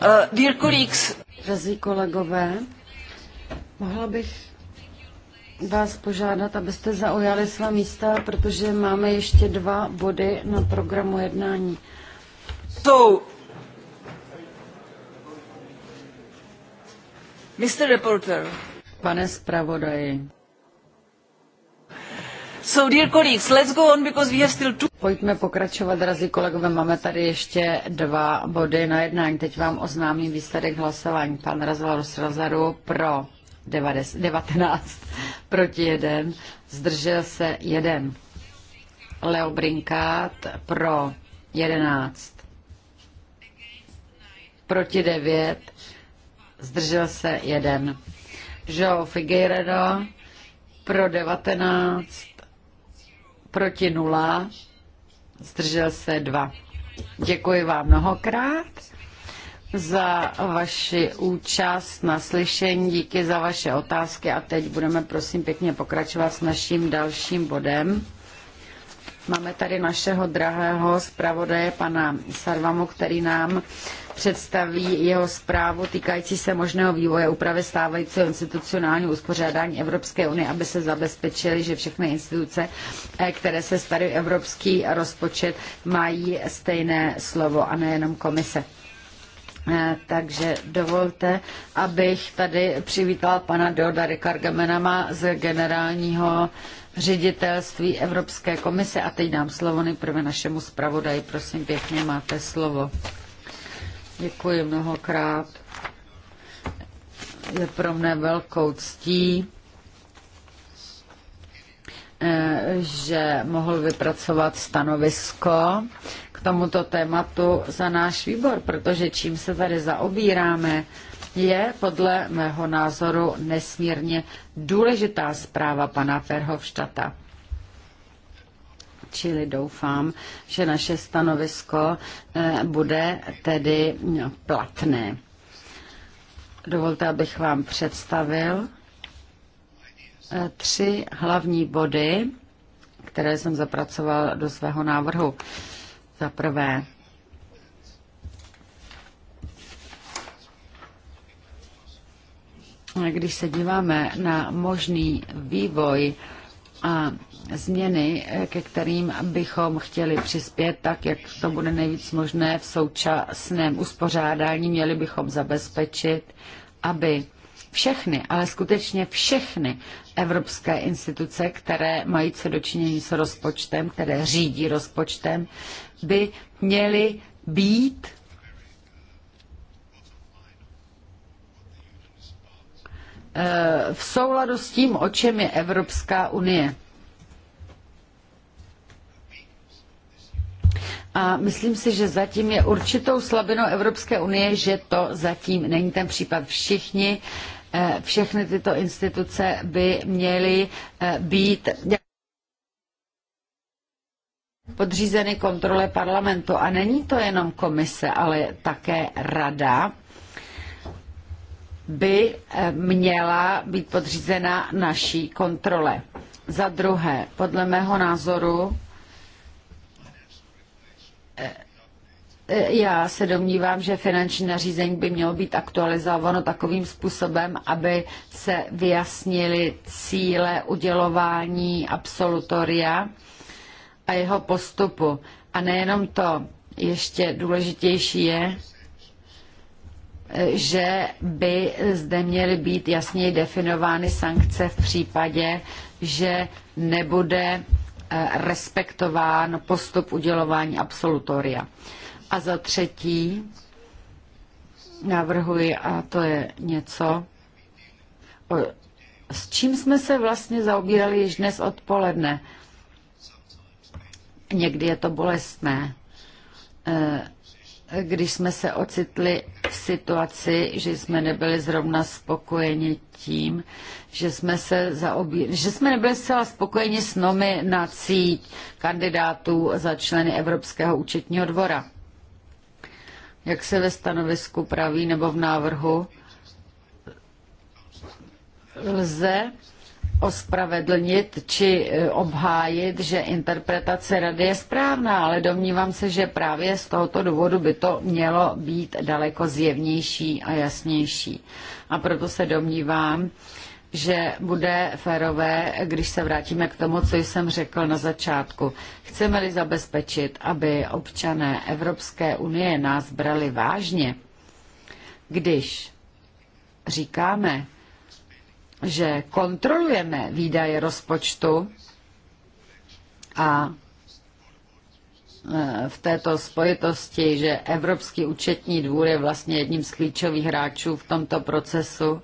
Uh, dear colleagues, Drazí kolegové, mohla bych vás požádat, abyste zaujali svá místa, protože máme ještě dva body na programu jednání. So, Mr. Reporter. Pane zpravodaji. So dear colleagues, let's go on because we have still two... Pojďme pokračovat, drazí kolegové, máme tady ještě dva body na jednání. Teď vám oznámím výsledek hlasování. Pan Razvaros Razaru pro 19, proti 1, zdržel se 1. Leo Brinkát pro 11, proti 9, zdržel se 1. João Figueiredo pro 19, proti nula, zdržel se dva. Děkuji vám mnohokrát za vaši účast na slyšení, díky za vaše otázky a teď budeme prosím pěkně pokračovat s naším dalším bodem. Máme tady našeho drahého zpravodaje pana Sarvamu, který nám představí jeho zprávu týkající se možného vývoje úpravy stávajícího institucionálního uspořádání Evropské unie, aby se zabezpečili, že všechny instituce, eh, které se starají evropský rozpočet, mají stejné slovo a nejenom komise. Eh, takže dovolte, abych tady přivítala pana Deoda Rikargamena z generálního ředitelství Evropské komise. A teď dám slovo nejprve našemu zpravodaji. Prosím, pěkně máte slovo. Děkuji mnohokrát. Je pro mne velkou ctí, eh, že mohl vypracovat stanovisko k tomuto tématu za náš výbor, protože čím se tady zaobíráme, je podle mého názoru nesmírně důležitá zpráva pana Ferhovštata. Čili doufám, že naše stanovisko eh, bude tedy platné. Dovolte, abych vám představil eh, tři hlavní body, které jsem zapracoval do svého návrhu. Za prvé, když se díváme na možný vývoj a změny, ke kterým bychom chtěli přispět, tak jak to bude nejvíc možné v současném uspořádání, měli bychom zabezpečit, aby všechny, ale skutečně všechny evropské instituce, které mají co dočinění s rozpočtem, které řídí rozpočtem, by měly být Eh, v souladu s tím, o čem je Evropská unie. A myslím si, že zatím je určitou slabinou Evropské unie, že to zatím není ten případ. Všichni, eh, všechny tyto instituce by měly eh, být podřízeny kontrole parlamentu. A není to jenom komise, ale také rada by eh, měla být podřízena naší kontrole. Za druhé, podle mého názoru, eh, eh, já se domnívám, že finanční nařízení by mělo být aktualizováno takovým způsobem, aby se vyjasnily cíle udělování absolutoria a jeho postupu. A nejenom to, ještě důležitější je, že by zde měly být jasněji definovány sankce v případě, že nebude eh, respektován postup udělování absolutoria. A za třetí navrhuji, a to je něco, s čím jsme se vlastně zaobírali již dnes odpoledne. Někdy je to bolestné eh, když jsme se ocitli v situaci, že jsme nebyli zrovna spokojeni tím, že jsme se zaobí... že jsme nebyli zcela spokojeni s nominací kandidátů za členy Evropského účetního dvora. Jak se ve stanovisku praví nebo v návrhu, lze ospravedlnit či e, obhájit, že interpretace rady je správná, ale domnívám se, že právě z tohoto důvodu by to mělo být daleko zjevnější a jasnější. A proto se domnívám, že bude férové, když se vrátíme k tomu, co jsem řekl na začátku. Chceme-li zabezpečit, aby občané Evropské unie nás brali vážně, když říkáme, že kontrolujeme výdaje rozpočtu a e, v této spojitosti, že Evropský účetní dvůr je vlastně jedním z klíčových hráčů v tomto procesu,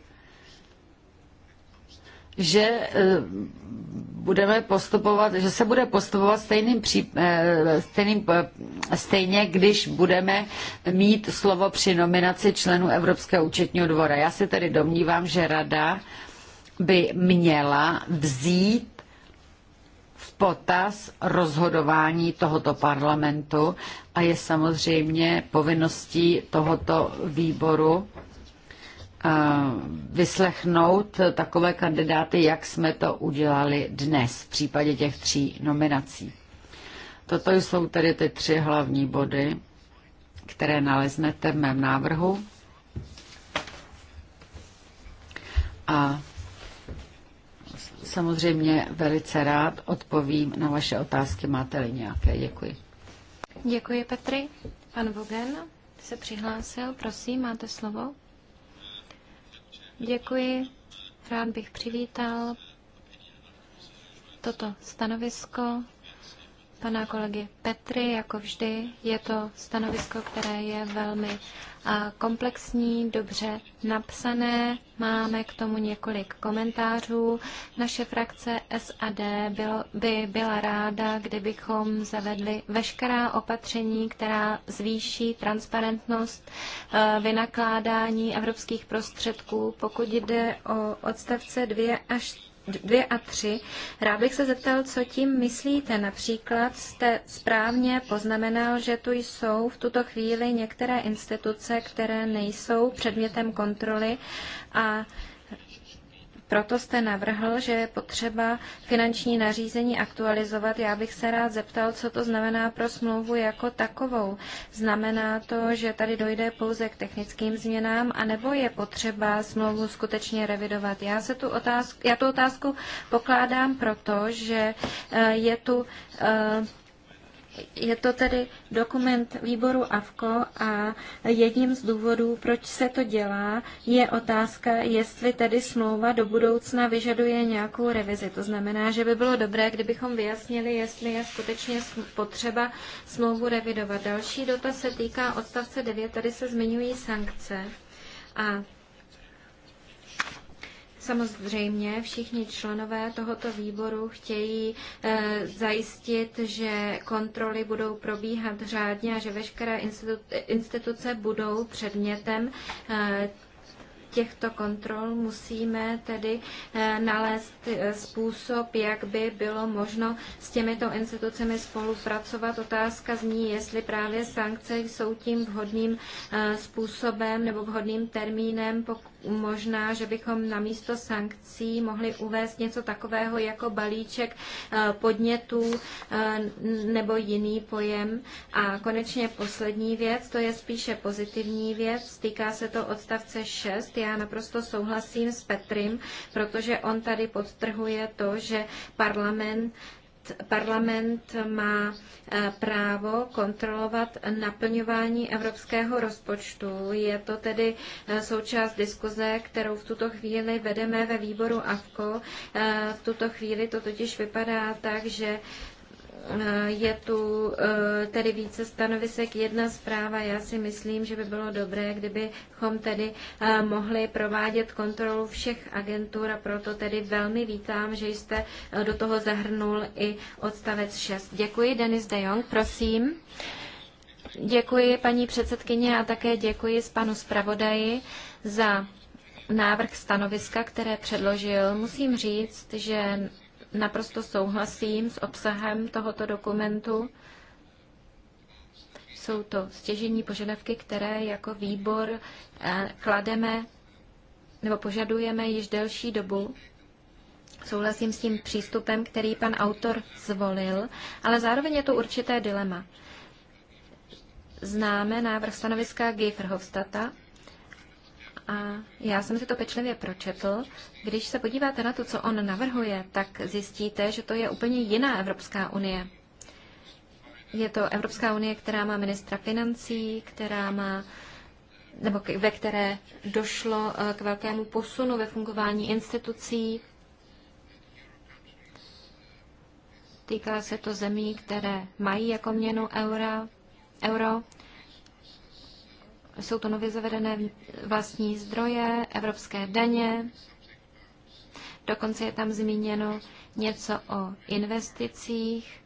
že e, budeme postupovat, že se bude postupovat stejným, pří, e, stejným stejně, když budeme mít slovo při nominaci členů Evropského účetního dvora. Já si tedy domnívám, že rada by měla vzít v potaz rozhodování tohoto parlamentu a je samozřejmě povinností tohoto výboru eh, vyslechnout takové kandidáty, jak jsme to udělali dnes v případě těch tří nominací. Toto jsou tedy ty tři hlavní body, které naleznete v mém návrhu. A samozřejmě velice rád odpovím na vaše otázky, máte-li nějaké. Děkuji. Děkuji, Petri. Pan Vogen se přihlásil, prosím, máte slovo. Děkuji. Rád bych přivítal toto stanovisko pana kolegy Petry. Jako vždy je to stanovisko, které je velmi komplexní, dobře napsané. Máme k tomu několik komentářů. Naše frakce SAD bylo, by byla ráda, kdybychom zavedli veškerá opatření, která zvýší transparentnost vynakládání evropských prostředků, pokud jde o odstavce 2 až 2 a 3. Rád bych se zeptal, co tím myslíte. Například jste správně poznamenal, že tu jsou v tuto chvíli některé instituce, které nejsou předmětem kontroly a proto jste navrhl, že je potřeba finanční nařízení aktualizovat. Já bych se rád zeptal, co to znamená pro smlouvu jako takovou. Znamená to, že tady dojde pouze k technickým změnám, anebo je potřeba smlouvu skutečně revidovat? Já, se tu, otázku, já tu otázku pokládám proto, že eh, je tu eh, je to tedy dokument výboru AVKO a jedním z důvodů, proč se to dělá, je otázka, jestli tedy smlouva do budoucna vyžaduje nějakou revizi. To znamená, že by bylo dobré, kdybychom vyjasnili, jestli je skutečně potřeba smlouvu revidovat. Další dotaz se týká odstavce 9, tady se zmiňují sankce. A Samozřejmě všichni členové tohoto výboru chtějí eh, zajistit, že kontroly budou probíhat řádně a že veškeré instituce budou předmětem eh, těchto kontrol musíme tedy eh, nalézt způsob, jak by bylo možno s těmito institucemi spolupracovat. Otázka zní, jestli právě sankce jsou tím vhodným způsobem nebo vhodným termínem, možná, že bychom na místo sankcí mohli uvést něco takového jako balíček eh, podnětů eh, nebo jiný pojem. A konečně poslední věc, to je spíše pozitivní věc, týká se to odstavce 6. Já naprosto souhlasím s Petrim, protože on tady podtrhuje to, že parlament parlament má eh, právo kontrolovat naplňování evropského rozpočtu. Je to tedy eh, součást diskuze, kterou v tuto chvíli vedeme ve výboru AFKO. Eh, v tuto chvíli to totiž vypadá tak, že Eh, je tu eh, tedy více stanovisek, jedna zpráva. Já si myslím, že by bylo dobré, kdybychom tedy eh, mohli provádět kontrolu všech agentur a proto tedy velmi vítám, že jste do toho zahrnul i odstavec 6. Děkuji, Denis de Jong, prosím. Děkuji paní předsedkyně a také děkuji s panu zpravodaji za návrh stanoviska, které předložil. Musím říct, že naprosto souhlasím s obsahem tohoto dokumentu. Jsou to stěžení požadavky, které jako výbor eh, klademe nebo požadujeme již delší dobu. Souhlasím s tím přístupem, který pan autor zvolil, ale zároveň je to určité dilema. Známe návrh stanoviska G a já jsem si to pečlivě pročetl. Když se podíváte na to, co on navrhuje, tak zjistíte, že to je úplně jiná Evropská unie. Je to Evropská unie, která má ministra financí, která má nebo ve které došlo eh, k velkému posunu ve fungování institucí. Týká se to zemí, které mají jako měnu eura, euro jsou to nově zavedené vlastní zdroje, evropské daně, dokonce je tam zmíněno něco o investicích,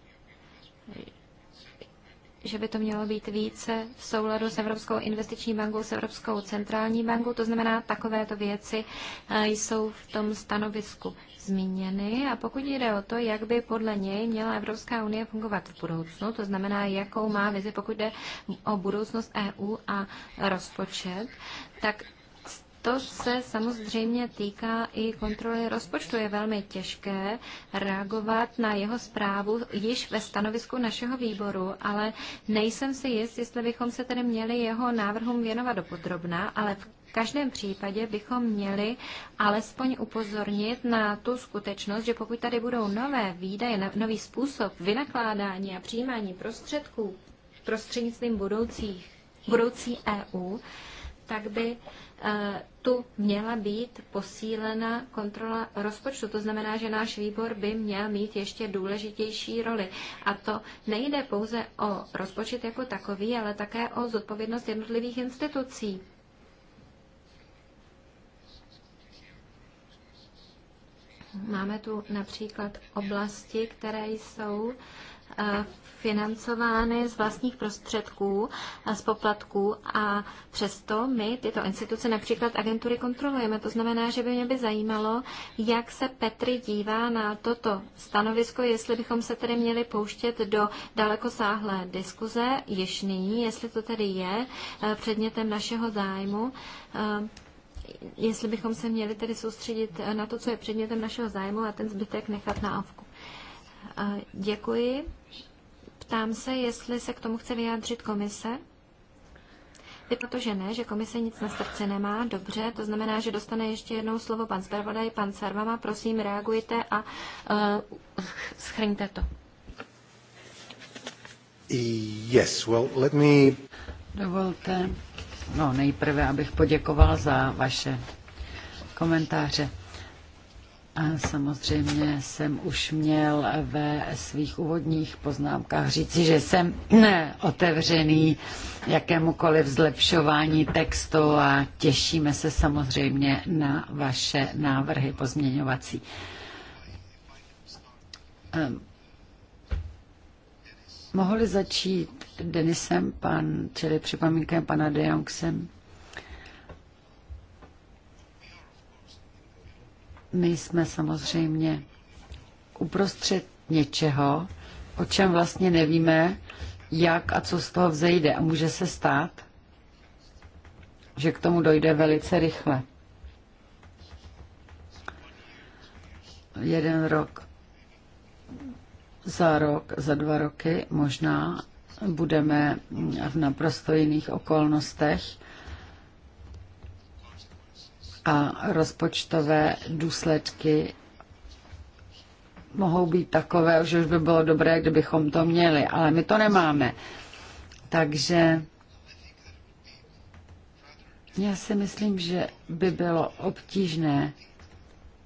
že by to mělo být více v souladu s Evropskou investiční bankou, s Evropskou centrální bankou. To znamená, takovéto věci eh, jsou v tom stanovisku zmíněny. A pokud jde o to, jak by podle něj měla Evropská unie fungovat v budoucnu, to znamená, jakou má vizi, pokud jde o budoucnost EU a rozpočet, tak to se samozřejmě týká i kontroly rozpočtu. Je velmi těžké reagovat na jeho zprávu již ve stanovisku našeho výboru, ale nejsem si jist, jestli bychom se tedy měli jeho návrhům věnovat dopodrobná, ale v každém případě bychom měli alespoň upozornit na tu skutečnost, že pokud tady budou nové výdaje, no- nový způsob vynakládání a přijímání prostředků prostřednictvím budoucích, budoucí EU, tak by Eh, tu měla být posílena kontrola rozpočtu. To znamená, že náš výbor by měl mít ještě důležitější roli. A to nejde pouze o rozpočet jako takový, ale také o zodpovědnost jednotlivých institucí. Máme tu například oblasti, které jsou financovány z vlastních prostředků, z poplatků a přesto my tyto instituce, například agentury, kontrolujeme. To znamená, že by mě by zajímalo, jak se Petry dívá na toto stanovisko, jestli bychom se tedy měli pouštět do dalekosáhlé diskuze již nyní, jestli to tedy je e, předmětem našeho zájmu e, jestli bychom se měli tedy soustředit na to, co je předmětem našeho zájmu a ten zbytek nechat na avku. Děkuji. Ptám se, jestli se k tomu chce vyjádřit komise. Vypadá to, že ne, že komise nic na srdce nemá. Dobře, to znamená, že dostane ještě jednou slovo pan zpravodaj, pan Sarvama. Prosím, reagujte a uh, schrňte to. Yes, well, let me... Dovolte, no nejprve, abych poděkoval za vaše komentáře. A samozřejmě jsem už měl ve svých úvodních poznámkách říci, že jsem otevřený jakémukoliv zlepšování textu a těšíme se samozřejmě na vaše návrhy pozměňovací. Ehm, mohli začít Denisem, pan, čili připomínkem pana De Jongsem? my jsme samozřejmě uprostřed něčeho, o čem vlastně nevíme, jak a co z toho vzejde. A může se stát, že k tomu dojde velice rychle. Jeden rok, za rok, za dva roky možná budeme v naprosto jiných okolnostech a rozpočtové důsledky mohou být takové, že už by bylo dobré, kdybychom to měli, ale my to nemáme. Takže já si myslím, že by bylo obtížné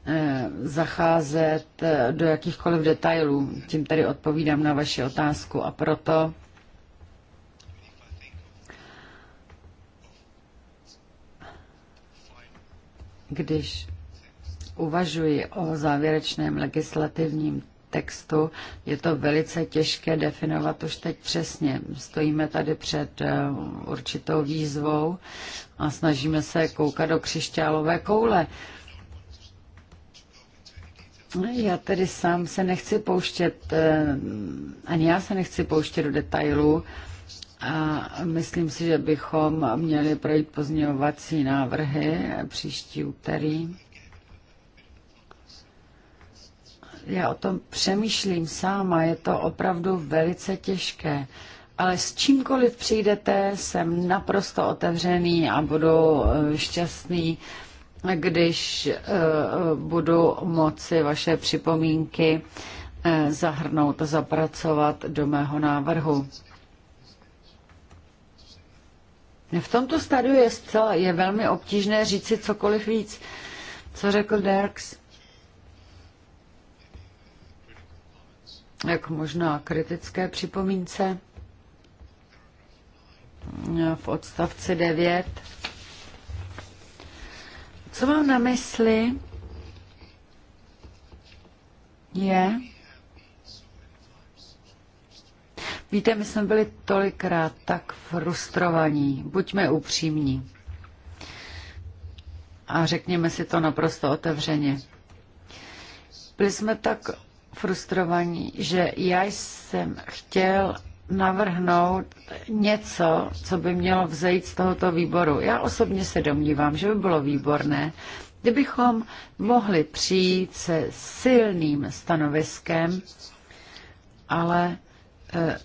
eh, zacházet eh, do jakýchkoliv detailů. Tím tedy odpovídám na vaši otázku a proto Když uvažuji o závěrečném legislativním textu, je to velice těžké definovat už teď přesně. Stojíme tady před eh, určitou výzvou a snažíme se koukat do křišťálové koule. Já tedy sám se nechci pouštět, eh, ani já se nechci pouštět do detailů, a myslím si, že bychom měli projít pozměňovací návrhy příští úterý. Já o tom přemýšlím sama, je to opravdu velice těžké. Ale s čímkoliv přijdete, jsem naprosto otevřený a budu eh, šťastný, když eh, budu moci vaše připomínky eh, zahrnout a zapracovat do mého návrhu. V tomto stadiu je, zcela, je velmi obtížné říci cokoliv víc. Co řekl Derks? Jak možná kritické připomínce v odstavci 9. Co mám na mysli je, Víte, my jsme byli tolikrát tak frustrovaní. Buďme upřímní. A řekněme si to naprosto otevřeně. Byli jsme tak frustrovaní, že já jsem chtěl navrhnout něco, co by mělo vzejít z tohoto výboru. Já osobně se domnívám, že by bylo výborné, kdybychom mohli přijít se silným stanoviskem, ale eh,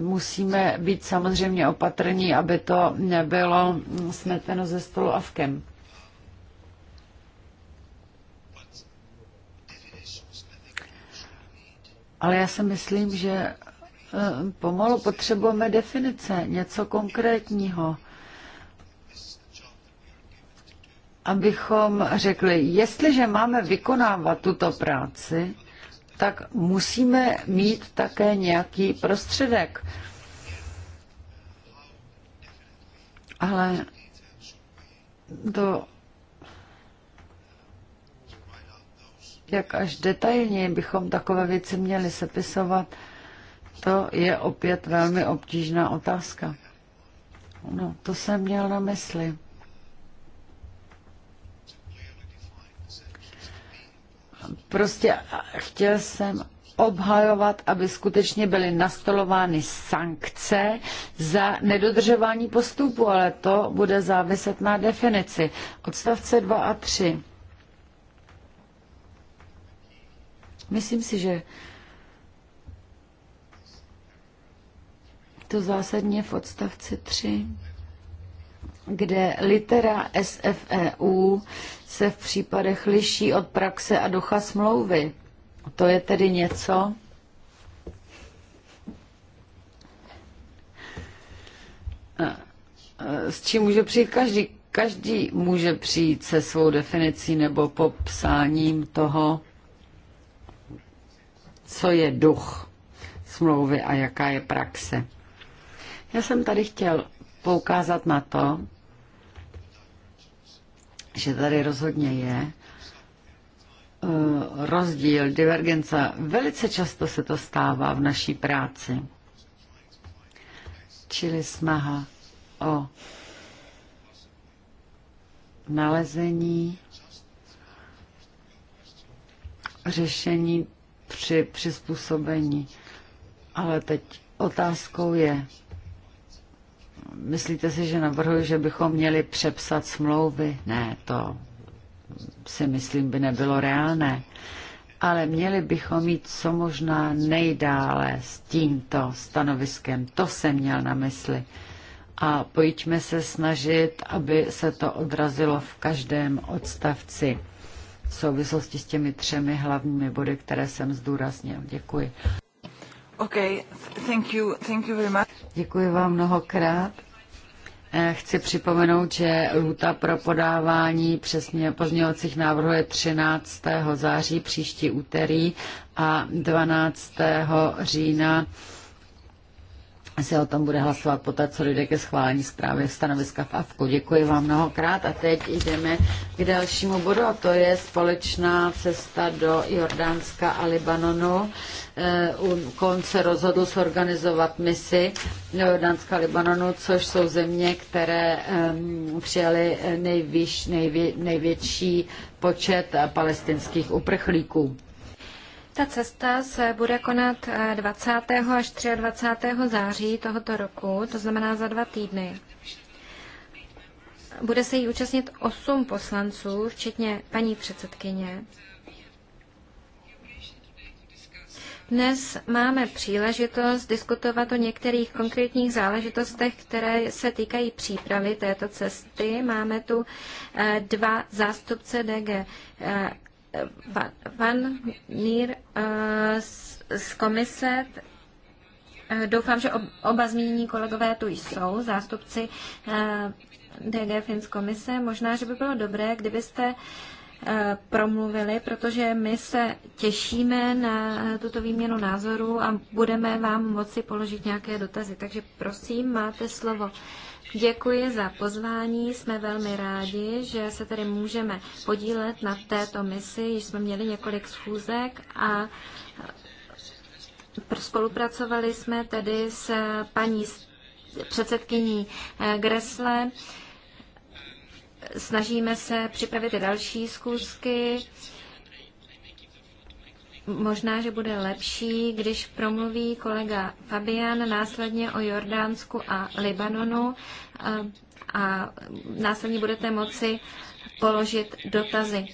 musíme být samozřejmě opatrní, aby to nebylo smeteno ze stolu A vkem. Ale já si myslím, že eh, pomalu potřebujeme definice, něco konkrétního. Abychom řekli, jestliže máme vykonávat tuto práci, tak musíme mít také nějaký prostředek. Ale do jak až detailně bychom takové věci měli sepisovat, to je opět velmi obtížná otázka. No, to jsem měl na mysli. Prostě chtěl jsem obhajovat, aby skutečně byly nastolovány sankce za nedodržování postupu, ale to bude záviset na definici. Odstavce 2 a 3. Myslím si, že to zásadně v odstavci 3 kde litera SFEU se v případech liší od praxe a ducha smlouvy. To je tedy něco, s čím může přijít každý. Každý může přijít se svou definicí nebo popsáním toho, co je duch smlouvy a jaká je praxe. Já jsem tady chtěl poukázat na to, že tady rozhodně je eh, rozdíl, divergence. Velice často se to stává v naší práci. Čili snaha o nalezení řešení při přizpůsobení. Ale teď otázkou je, Myslíte si, že navrhuji, že bychom měli přepsat smlouvy? Ne, to si myslím by nebylo reálné. Ale měli bychom jít co možná nejdále s tímto stanoviskem. To jsem měl na mysli. A pojďme se snažit, aby se to odrazilo v každém odstavci v souvislosti s těmi třemi hlavními body, které jsem zdůraznil. Děkuji. Děkuji vám mnohokrát. Eh, chci připomenout, že lhuta pro podávání přesně pozměňovacích návrhů je 13. září příští úterý a 12. října se o tom bude hlasovat poté, co dojde ke schválení zprávy stanoviska v AFKu. Děkuji vám mnohokrát a teď jdeme k dalšímu bodu a to je společná cesta do Jordánska a Libanonu. Eh, u konce rozhodl zorganizovat misi do Jordánska a Libanonu, což jsou země, které přijali nejvě, největší počet palestinských uprchlíků. Ta cesta se bude konat 20. Eh, až 23. září tohoto roku, to znamená za dva týdny. Bude se jí účastnit osm poslanců, včetně paní předsedkyně. Dnes máme příležitost diskutovat o některých konkrétních záležitostech, které se týkají přípravy této cesty. Máme tu eh, dva zástupce DG eh, van, van Nier eh, z, z komise. Eh, doufám, že oba zmínění kolegové tu jsou, zástupci eh, DG Fins komise. Možná, že by bylo dobré, kdybyste promluvili, protože my se těšíme na tuto výměnu názoru a budeme vám moci položit nějaké dotazy. Takže prosím, máte slovo. Děkuji za pozvání, jsme velmi rádi, že se tady můžeme podílet na této misi. Již jsme měli několik schůzek a spolupracovali jsme tedy s paní předsedkyní eh, Gresle. Snažíme se připravit i další schůzky. Možná, že bude lepší, když promluví kolega Fabian následně o Jordánsku a Libanonu eh, a následně budete moci položit dotazy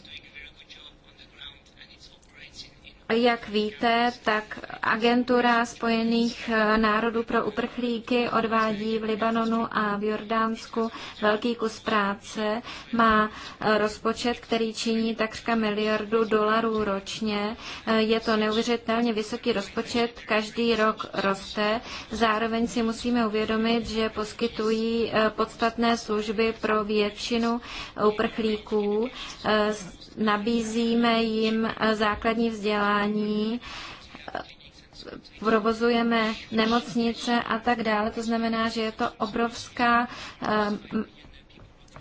jak víte, tak agentura Spojených eh, národů pro uprchlíky odvádí v Libanonu a v Jordánsku velký kus práce. Má eh, rozpočet, který činí takřka miliardu dolarů ročně. Eh, je to neuvěřitelně vysoký rozpočet, každý rok roste. Zároveň si musíme uvědomit, že poskytují podstatné služby pro většinu uprchlíků nabízíme jim eh, základní vzdělání, eh, provozujeme nemocnice a tak dále. To znamená, že je to obrovská eh,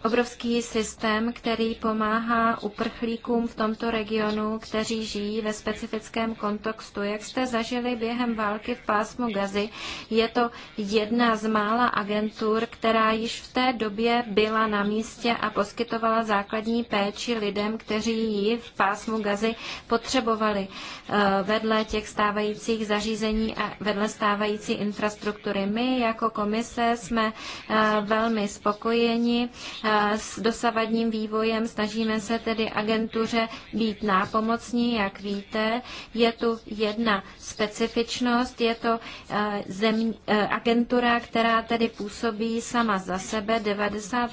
obrovský systém, který pomáhá uprchlíkům v tomto regionu, kteří žijí ve specifickém kontextu. Jak jste zažili během války v pásmu Gazy, je to jedna z mála agentur, která již v té době byla na místě a poskytovala základní péči lidem, kteří ji v pásmu Gazy potřebovali eh, vedle těch stávajících zařízení a vedle stávající infrastruktury. My jako komise jsme eh, velmi spokojeni eh, s dosavadním vývojem. Snažíme se tedy agentuře být nápomocní, jak víte. Je tu jedna specifičnost, je to eh, zem, eh, agentura, která tedy působí sama za sebe. 90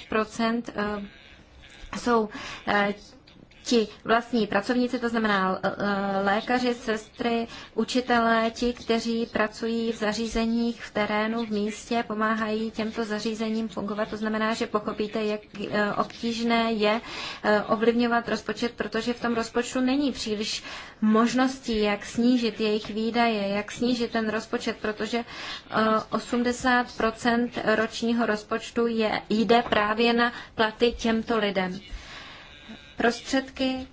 eh, jsou ti vlastní pracovníci, to znamená lékaři, sestry, učitelé, ti, kteří pracují v zařízeních, v terénu, v místě, pomáhají těmto zařízením fungovat. To znamená, že pochopíte, jak e, obtížné je e, ovlivňovat rozpočet, protože v tom rozpočtu není příliš možností, jak snížit jejich výdaje, jak snížit ten rozpočet, protože 80 e, ročního rozpočtu je, jde právě na platy těmto lidem prostředky,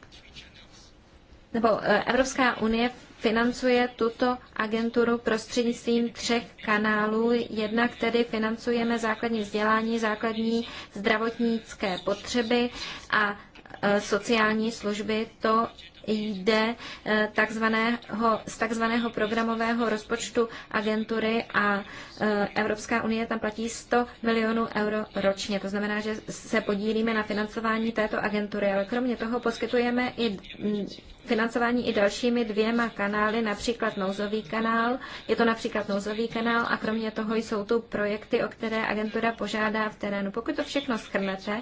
nebo e, Evropská unie financuje tuto agenturu prostřednictvím třech kanálů. Jednak tedy financujeme základní vzdělání, základní zdravotnické potřeby a e, sociální služby. To jde eh, takzvaného, z takzvaného programového rozpočtu agentury a eh, Evropská unie tam platí 100 milionů euro ročně. To znamená, že se podílíme na financování této agentury, ale kromě toho poskytujeme i mm, financování i dalšími dvěma kanály, například nouzový kanál. Je to například nouzový kanál a kromě toho jsou tu projekty, o které agentura požádá v terénu. Pokud to všechno schrnete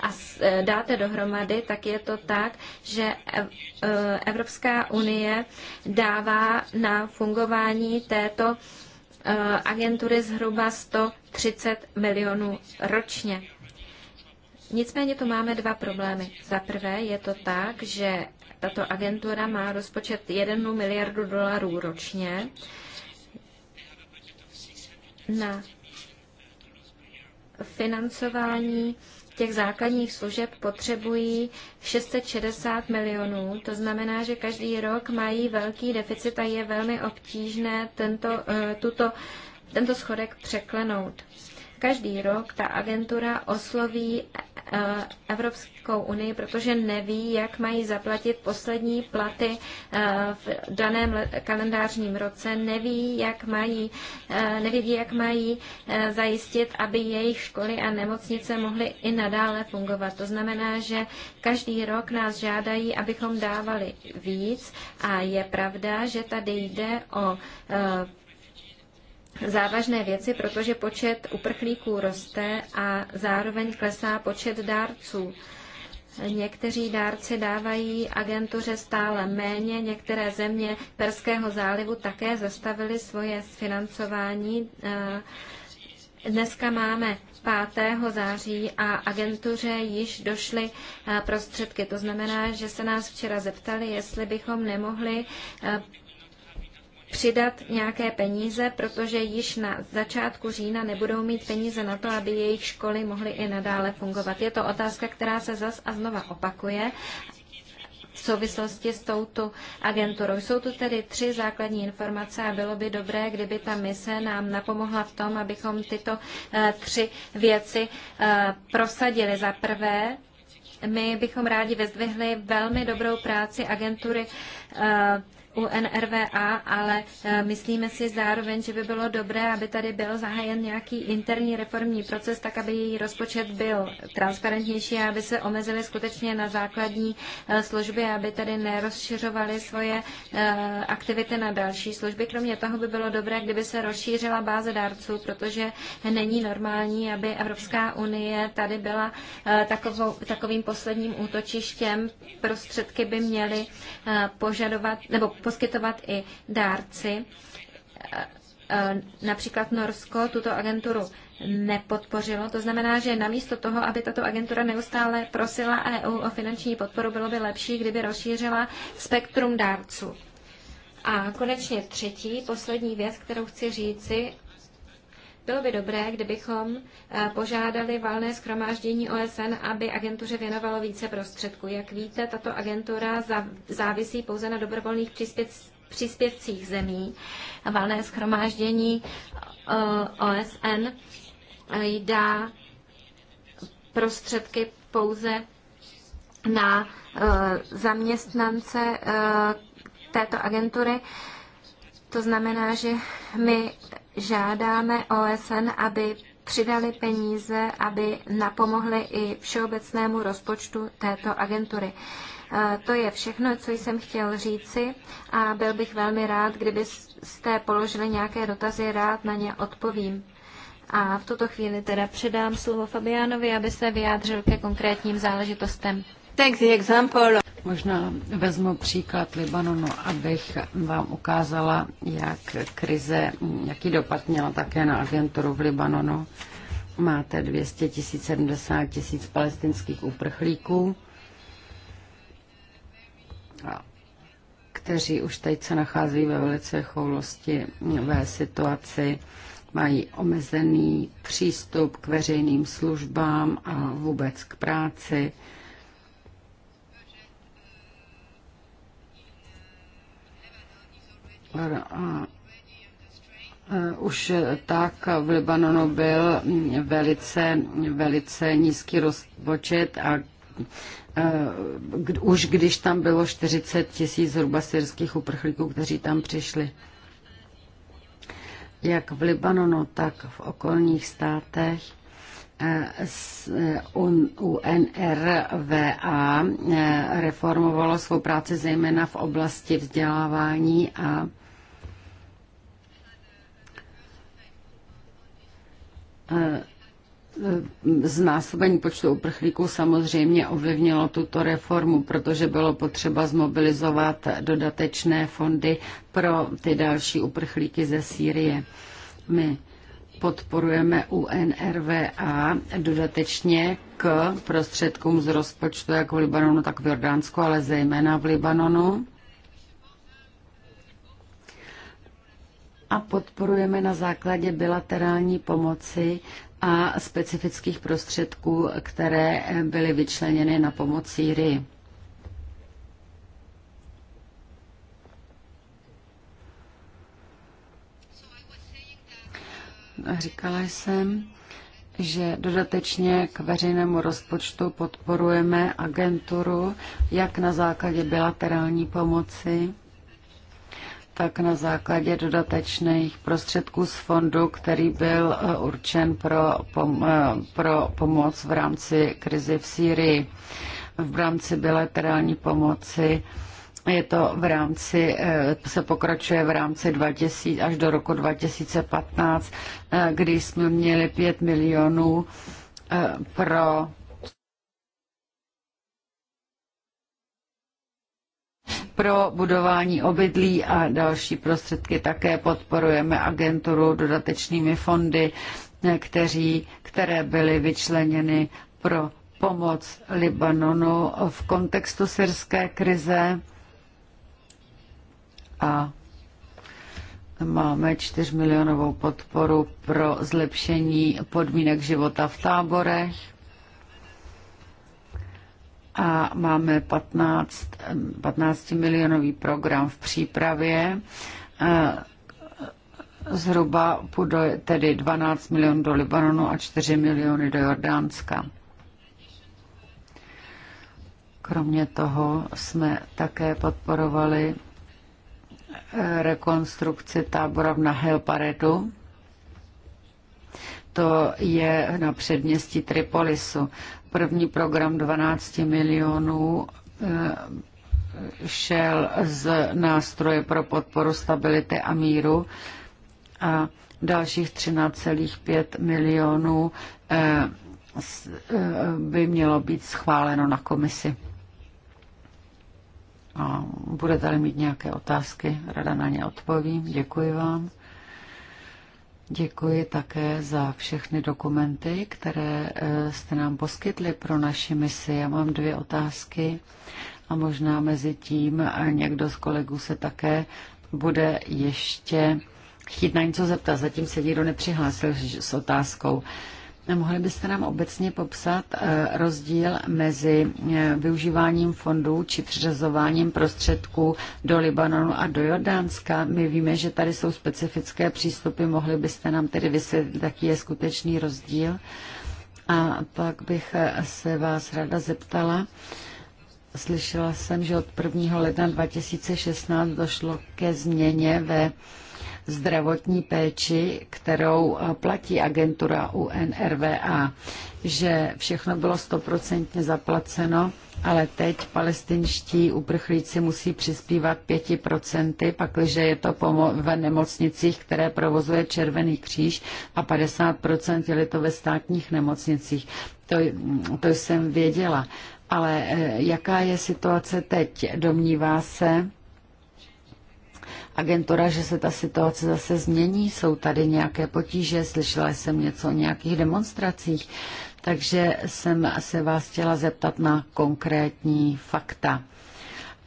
a e, dáte dohromady, tak je to tak, že e, e, Evropská unie dává na fungování této agentury zhruba 130 milionů ročně. Nicméně tu máme dva problémy. Za prvé je to tak, že tato agentura má rozpočet 1 miliardu dolarů ročně na financování těch základních služeb potřebují 660 milionů. To znamená, že každý rok mají velký deficit a je velmi obtížné tento, eh, tuto, tento schodek překlenout každý rok ta agentura osloví eh, Evropskou unii, protože neví, jak mají zaplatit poslední platy eh, v daném kalendářním roce, neví, jak mají, eh, neví, jak mají zajistit, aby jejich školy a nemocnice mohly i nadále fungovat. To znamená, že každý rok nás žádají, abychom dávali víc a je pravda, že tady jde o závažné věci, protože počet uprchlíků roste a zároveň klesá počet dárců. Někteří dárci dávají agentuře stále méně, některé země Perského zálivu také zastavily svoje financování. Eh, dneska máme 5. září a agentuře již došly eh, prostředky. To znamená, že se nás včera zeptali, jestli bychom nemohli eh, přidat nějaké peníze, protože již na začátku října nebudou mít peníze na to, aby jejich školy mohly i nadále fungovat. Je to otázka, která se zas a znova opakuje v souvislosti s touto agenturou. Jsou tu tedy tři základní informace a bylo by dobré, kdyby ta mise nám napomohla v tom, abychom tyto eh, tři věci eh, prosadili. Za prvé, my bychom rádi vezdvihli velmi dobrou práci agentury eh, NRVA, ale eh, myslíme si zároveň, že by bylo dobré, aby tady byl zahájen nějaký interní reformní proces, tak aby její rozpočet byl transparentnější a aby se omezili skutečně na základní eh, služby, aby tady nerozšiřovali svoje aktivity na další služby. Kromě toho by bylo dobré, kdyby se rozšířila báze dárců, protože není normální, aby Evropská unie tady byla takovou, takovým posledním útočištěm. Prostředky by měly eh, požadovat nebo poskytovat i dárci. Eh, eh, například Norsko tuto agenturu nepodpořilo. To znamená, že namísto toho, aby tato agentura neustále prosila EU o finanční podporu, bylo by lepší, kdyby rozšířila spektrum dárců. A konečně třetí, poslední věc, kterou chci říci bylo by dobré, kdybychom eh, požádali valné schromáždění OSN, aby agentuře věnovalo více prostředků. Jak víte, tato agentura závisí pouze na dobrovolných příspěvcích zemí. Valné schromáždění eh, OSN eh, dá prostředky pouze na zaměstnance této agentury. To znamená, že my žádáme OSN, aby přidali peníze, aby napomohli i všeobecnému rozpočtu této agentury. E, to je všechno, co jsem chtěl říci a byl bych velmi rád, kdybyste položili nějaké dotazy, rád na ně odpovím. A v tuto chvíli teda předám slovo Fabiánovi, aby se vyjádřil ke konkrétním záležitostem. Možná vezmu příklad Libanonu, abych vám ukázala, jak krize, jaký dopad měla také na agenturu v Libanonu. Máte 200 tisíc, 70 tisíc palestinských uprchlíků, kteří už teď se nachází ve velice choulosti ve situaci, mají omezený přístup k veřejným službám a vůbec k práci už tak v Libanonu byl velice, velice nízký rozpočet a už když tam bylo 40 tisíc zhruba syrských uprchlíků, kteří tam přišli. Jak v Libanonu, tak v okolních státech UNRWA reformovalo svou práci zejména v oblasti vzdělávání a Eh, znásobení počtu uprchlíků samozřejmě ovlivnilo tuto reformu, protože bylo potřeba zmobilizovat dodatečné fondy pro ty další uprchlíky ze Sýrie. My podporujeme UNRVA dodatečně k prostředkům z rozpočtu jako v Libanonu, tak v Jordánsku, ale zejména v Libanonu. a podporujeme na základě bilaterální pomoci a specifických prostředků, které byly vyčleněny na pomoc Sýrii. Říkala jsem, že dodatečně k veřejnému rozpočtu podporujeme agenturu jak na základě bilaterální pomoci, tak na základě dodatečných prostředků z fondu, který byl eh, určen pro, pom- eh, pro pomoc v rámci krizi v Sýrii, v rámci bilaterální pomoci, je to v rámci, eh, se pokračuje v rámci 2000 až do roku 2015, kdy jsme měli 5 milionů pro pro budování obydlí a další prostředky. Také podporujeme agenturu dodatečnými fondy, kteří, které byly vyčleněny pro pomoc Libanonu v kontextu syrské krize. A máme čtyřmilionovou milionovou podporu pro zlepšení podmínek života v táborech a máme 15, 15 milionový program v přípravě. E, zhruba půjde tedy 12 milionů do Libanonu a 4 miliony do Jordánska. Kromě toho jsme také podporovali e, rekonstrukci tábora v Nahel Paredu to je na předměstí Tripolisu. První program 12 milionů eh, šel z nástroje pro podporu stability a míru a dalších 13,5 milionů eh, eh, by mělo být schváleno na komisi. A budete-li mít nějaké otázky, rada na ně odpovím. Děkuji vám. Děkuji také za všechny dokumenty, které eh, jste nám poskytli pro naši misi. Já mám dvě otázky a možná mezi tím někdo z kolegů se také bude ještě chtít na něco zeptat. Zatím se nikdo nepřihlásil s otázkou. Uh, Mohli byste nám obecně popsat eh, rozdíl mezi eh, využíváním fondů či přiřazováním prostředků do Libanonu a do Jordánska? My víme, že tady jsou specifické přístupy. Mohli byste nám tedy vysvětlit, jaký je skutečný rozdíl? A pak bych eh, se vás rada zeptala. Slyšela jsem, že od 1. ledna 2016 došlo ke změně ve zdravotní péči, kterou eh, platí agentura UNRWA, že všechno bylo stoprocentně zaplaceno, ale teď palestinští uprchlíci musí přispívat 5%, pakliže je to ve nemocnicích, které provozuje Červený kříž a 50% je to ve státních nemocnicích. To, to jsem věděla. Ale eh, jaká je situace teď? Domnívá se, agentura, že se ta situace zase změní? Jsou tady nějaké potíže? Slyšela jsem něco o nějakých demonstracích. Takže jsem se vás chtěla zeptat na konkrétní fakta,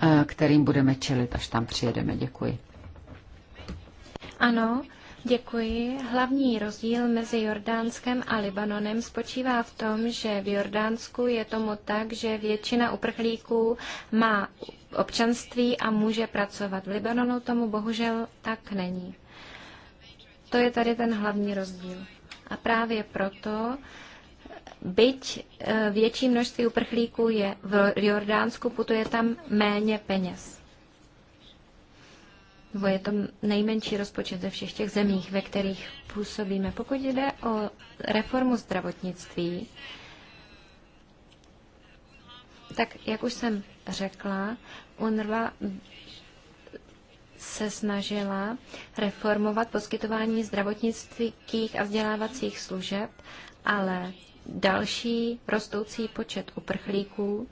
eh, kterým budeme čelit, až tam přijedeme. Děkuji. Ano, Děkuji. Hlavní rozdíl mezi Jordánskem a Libanonem spočívá v tom, že v Jordánsku je tomu tak, že většina uprchlíků má občanství a může pracovat. V Libanonu tomu bohužel tak není. To je tady ten hlavní rozdíl. A právě proto, byť eh, větší množství uprchlíků je v Jordánsku, putuje tam méně peněz nebo je to nejmenší rozpočet ze všech těch zemích, ve kterých působíme. Pokud jde o reformu zdravotnictví, tak jak už jsem řekla, UNRWA se snažila reformovat poskytování zdravotnických a vzdělávacích služeb, ale další rostoucí počet uprchlíků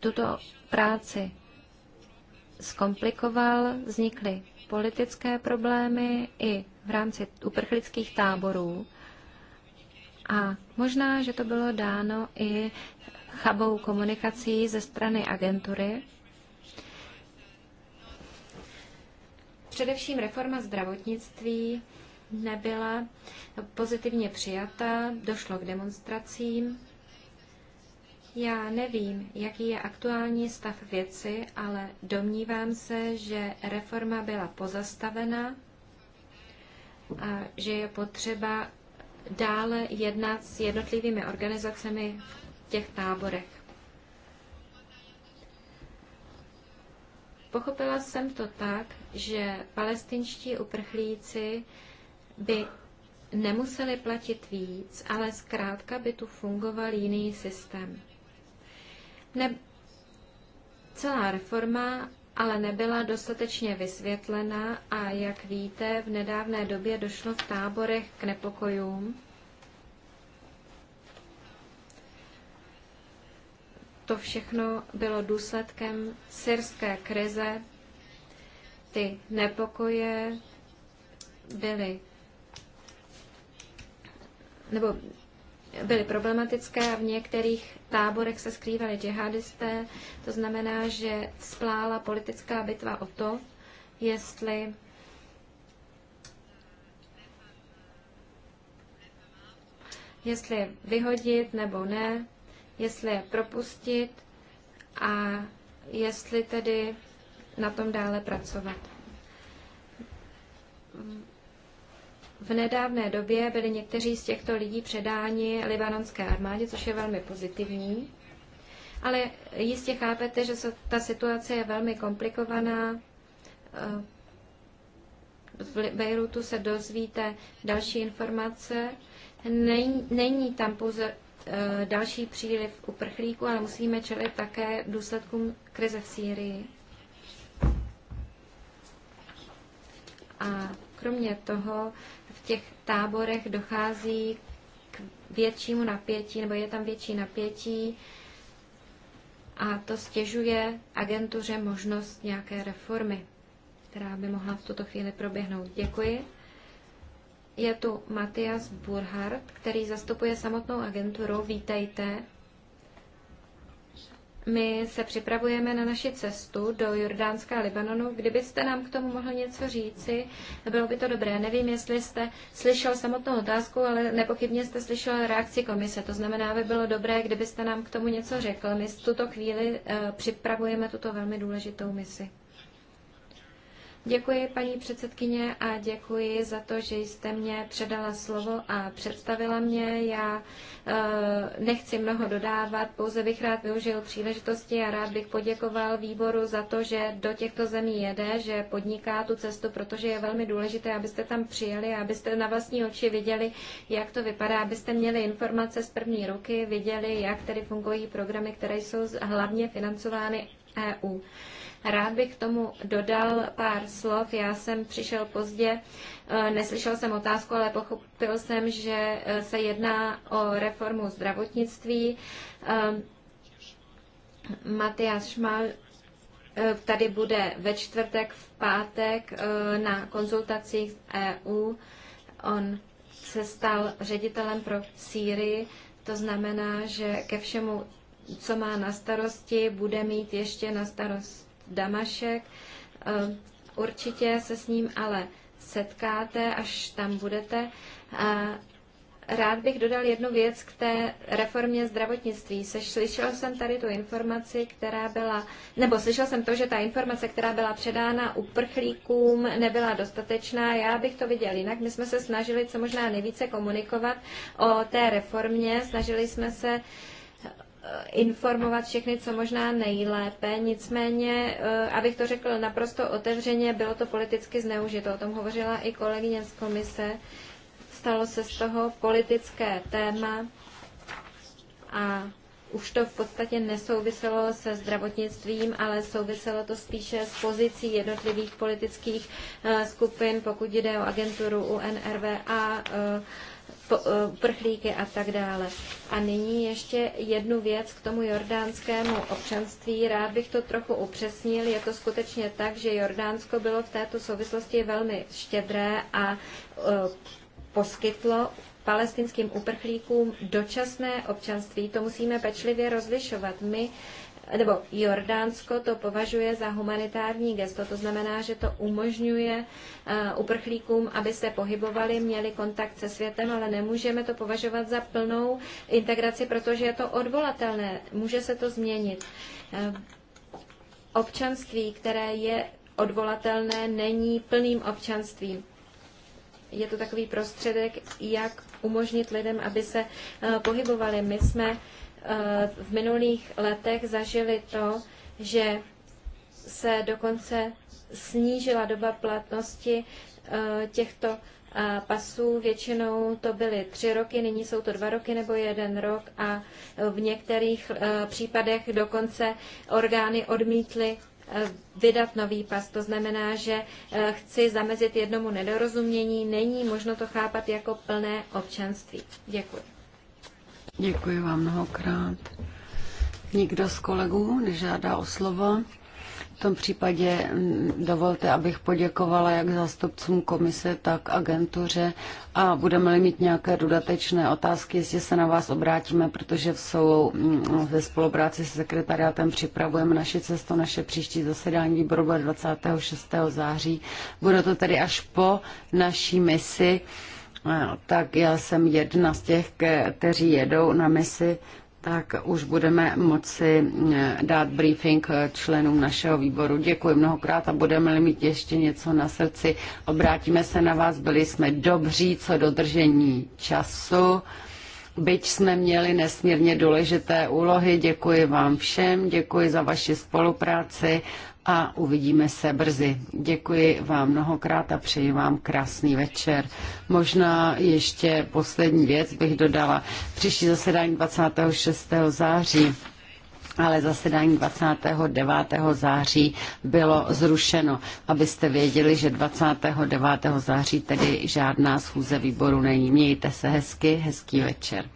tuto práci zkomplikoval, vznikly politické problémy i v rámci uprchlických táborů. A možná, že to bylo dáno i chabou komunikací ze strany agentury. Především reforma zdravotnictví nebyla pozitivně přijata, došlo k demonstracím já nevím, jaký je aktuální stav věci, ale domnívám se, že reforma byla pozastavena a že je potřeba dále jednat s jednotlivými organizacemi v těch táborech. Pochopila jsem to tak, že palestinští uprchlíci by nemuseli platit víc, ale zkrátka by tu fungoval jiný systém. Ne, celá reforma ale nebyla dostatečně vysvětlena a jak víte, v nedávné době došlo v táborech k nepokojům. To všechno bylo důsledkem syrské krize. Ty nepokoje byly nebo byly problematické a v některých táborech se skrývali džihadisté. To znamená, že splála politická bitva o to, jestli jestli vyhodit nebo ne, jestli je propustit a jestli tedy na tom dále pracovat v nedávné době byli někteří z těchto lidí předáni libanonské armádě, což je velmi pozitivní. Ale jistě chápete, že ta situace je velmi komplikovaná. Eh, v Bejrutu se dozvíte další informace. Není, není tam pouze eh, další příliv uprchlíků, ale musíme čelit také důsledkům krize v Sýrii. kromě toho v těch táborech dochází k většímu napětí, nebo je tam větší napětí a to stěžuje agentuře možnost nějaké reformy, která by mohla v tuto chvíli proběhnout. Děkuji. Je tu Matias Burhardt, který zastupuje samotnou agenturu. Vítejte. My se připravujeme na naši cestu do Jordánska a Libanonu. Kdybyste nám k tomu mohl něco říci, bylo by to dobré. Nevím, jestli jste slyšel samotnou otázku, ale nepochybně jste slyšel reakci komise. To znamená, by bylo dobré, kdybyste nám k tomu něco řekl. My v tuto chvíli eh, připravujeme tuto velmi důležitou misi. Děkuji, paní předsedkyně, a děkuji za to, že jste mě předala slovo a představila mě. Já eh, nechci mnoho dodávat, pouze bych rád využil příležitosti a rád bych poděkoval výboru za to, že do těchto zemí jede, že podniká tu cestu, protože je velmi důležité, abyste tam přijeli, abyste na vlastní oči viděli, jak to vypadá, abyste měli informace z první ruky, viděli, jak tedy fungují programy, které jsou hlavně financovány EU. Rád bych k tomu dodal pár slov. Já jsem přišel pozdě, eh, neslyšel jsem otázku, ale pochopil jsem, že eh, se jedná o reformu zdravotnictví. Eh, Matias Šmal tady bude ve čtvrtek, v pátek na konzultacích z EU. On se stal ředitelem pro Sýrii, to znamená, že ke všemu, co má na starosti, bude mít ještě na starost Damašek. Ehm, určitě se s ním ale setkáte, až tam budete. Ehm, rád bych dodal jednu věc k té reformě zdravotnictví. Slyšel jsem tady tu informaci, která byla, nebo slyšel jsem to, že ta informace, která byla předána uprchlíkům, nebyla dostatečná. Já bych to viděl jinak. My jsme se snažili co možná nejvíce komunikovat o té reformě. Snažili jsme se uh, Eh, informovat všechny, co možná nejlépe. Nicméně, eh, abych to řekl naprosto otevřeně, bylo to politicky zneužito. O tom hovořila i kolegyně z komise. Stalo se z toho politické téma a už to v podstatě nesouviselo se zdravotnictvím, ale souviselo to spíše s pozicí jednotlivých politických eh, skupin, pokud jde o agenturu UNRWA. Eh, uprchlíky a tak dále. A nyní ještě jednu věc k tomu jordánskému občanství. Rád bych to trochu upřesnil. Je to skutečně tak, že Jordánsko bylo v této souvislosti velmi štědré a eh, poskytlo palestinským uprchlíkům dočasné občanství. To musíme pečlivě rozlišovat. My nebo Jordánsko to považuje za humanitární gesto, to znamená, že to umožňuje eh, uprchlíkům, aby se pohybovali, měli kontakt se světem, ale nemůžeme to považovat za plnou integraci, protože je to odvolatelné, může se to změnit. Eh, občanství, které je odvolatelné, není plným občanstvím je to takový prostředek, jak umožnit lidem, aby se eh, pohybovali. My jsme Eh, v minulých letech zažili to, že se dokonce snížila doba platnosti eh, těchto eh, pasů. Většinou to byly tři roky, nyní jsou to dva roky nebo jeden rok a v některých případech dokonce orgány odmítly vydat nový pas. To znamená, že chci zamezit jednomu nedorozumění. Není možno to chápat jako plné občanství. Děkuji. Děkuji vám mnohokrát. Nikdo z kolegů nežádá o slovo. V tom případě mm, dovolte, abych poděkovala jak zástupcům komise, tak agentuře a budeme-li mít nějaké dodatečné otázky, jestli se na vás obrátíme, protože v sou, mm, ve spolupráci se sekretariátem připravujeme naše cestu, naše příští zasedání výboru 26. září. Bude to tedy až po naší misi tak já jsem jedna z těch, kteří jedou na misi, tak už budeme moci eh, dát briefing eh, členům našeho výboru. Děkuji mnohokrát a budeme-li mít ještě něco na srdci, obrátíme se na vás. Byli jsme dobří co dodržení času. Byť jsme měli nesmírně důležité úlohy, děkuji vám všem, děkuji za vaši spolupráci a uvidíme se brzy. Děkuji vám mnohokrát a přeji vám krásný večer. Možná ještě poslední věc bych dodala. Příští zasedání 26. září ale zasedání 29. září bylo zrušeno, abyste věděli, že 29. září tedy žádná schůze výboru není. Mějte se hezky, hezký večer.